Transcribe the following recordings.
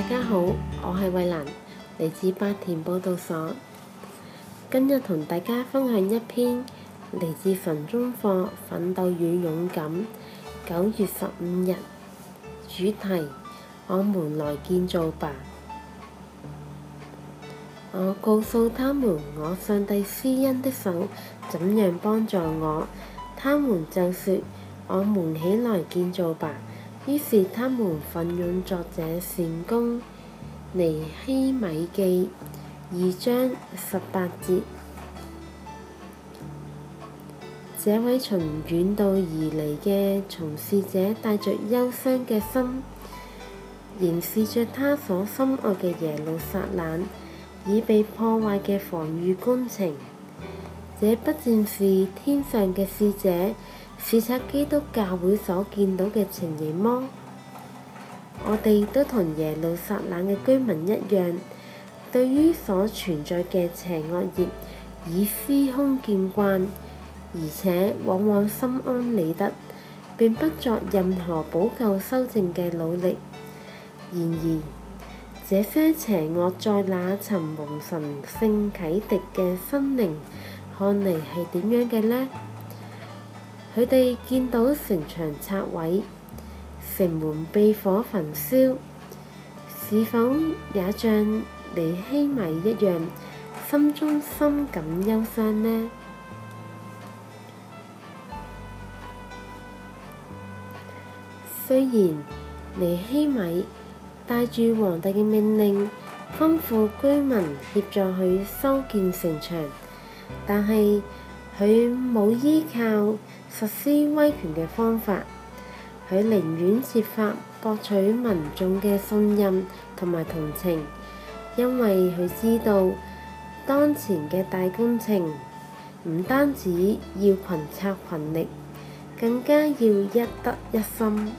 大家好，我係慧蘭，嚟自八田報道所。今日同大家分享一篇嚟自神中課《奮鬥與勇敢》，九月十五日，主題：我們來建造吧。我告訴他們，我上帝施恩的手怎樣幫助我，他們就說：我們起來建造吧。於是，他們奮勇作者善工，尼希米記二章十八節。這位從遠道而嚟嘅從事者，帶着憂傷嘅心，凝視着他所深愛嘅耶路撒冷已被破壞嘅防禦工程。這不正是天上嘅使者視察基督教會所見到嘅情形麼？我哋都同耶路撒冷嘅居民一樣，對於所存在嘅邪惡業已司空見慣，而且往往心安理得，並不作任何補救修正嘅努力。然而，這些邪惡在那尋蒙神聖啟迪嘅心靈，看嚟係點樣嘅呢？佢哋見到城牆拆毀、城門被火焚燒，是否也像尼希米一樣，心中深感憂傷呢？雖然尼希米帶住皇帝嘅命令，吩咐居民協助佢修建城牆，但係佢冇依靠。實施威權嘅方法，佢寧願設法博取民眾嘅信任同埋同情，因為佢知道當前嘅大工程唔單止要群策群力，更加要一德一心。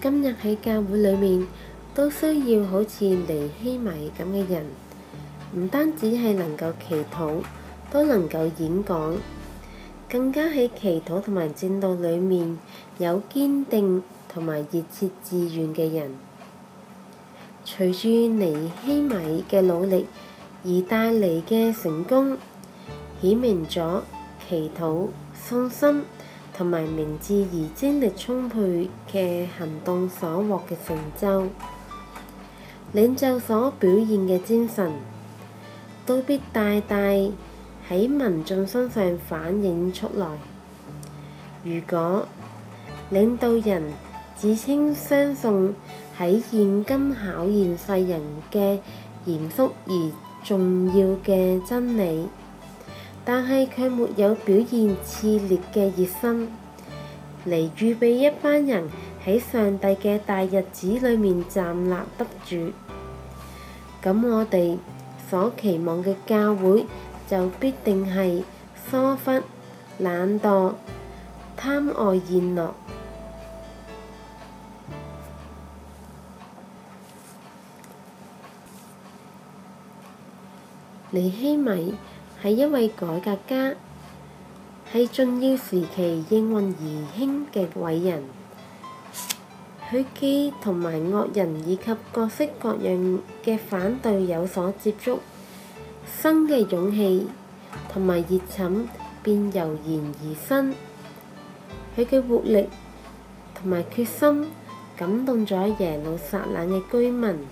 今日喺教會裏面，都需要好似尼希米咁嘅人，唔單止係能夠祈禱，都能夠演講，更加喺祈禱同埋戰鬥裏面有堅定同埋熱切志願嘅人。隨住尼希米嘅努力而帶嚟嘅成功，顯明咗祈禱、信心同埋明智而精力充沛嘅行動所獲嘅成就。領袖所表現嘅精神，都必大大喺民眾身上反映出來。如果領導人自稱相信喺現今考驗世人嘅嚴肅而重要嘅真理，但係佢沒有表現熾烈嘅熱心嚟預備一班人。喺上帝嘅大日子裏面站立得住，咁我哋所期望嘅教會就必定係疏忽、懶惰、貪愛宴樂。尼希米係一位改革家，喺重要時期應運而興嘅偉人。佢既同埋惡人以及各式各樣嘅反對有所接觸，新嘅勇氣同埋熱忱便油然而生。佢嘅活力同埋決心感動咗耶路撒冷嘅居民，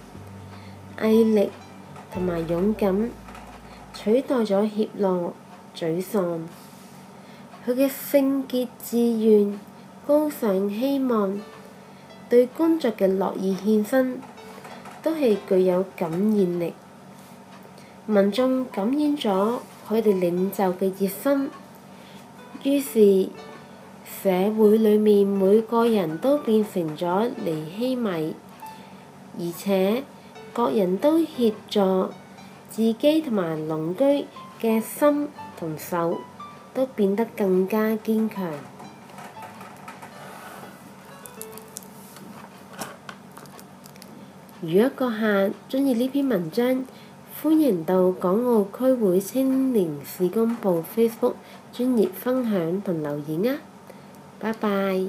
毅力同埋勇敢取代咗怯懦沮喪。佢嘅聖潔志願高尚希望，對工作嘅樂意獻身，都係具有感染力。民眾感染咗佢哋領袖嘅熱心，於是社會裡面每個人都變成咗尼希米，而且各人都協助自己同埋鄰居嘅心同手，都變得更加堅強。如果閣下中意呢篇文章，歡迎到港澳區會青年事工部 Facebook 專頁分享同留言啊！拜拜。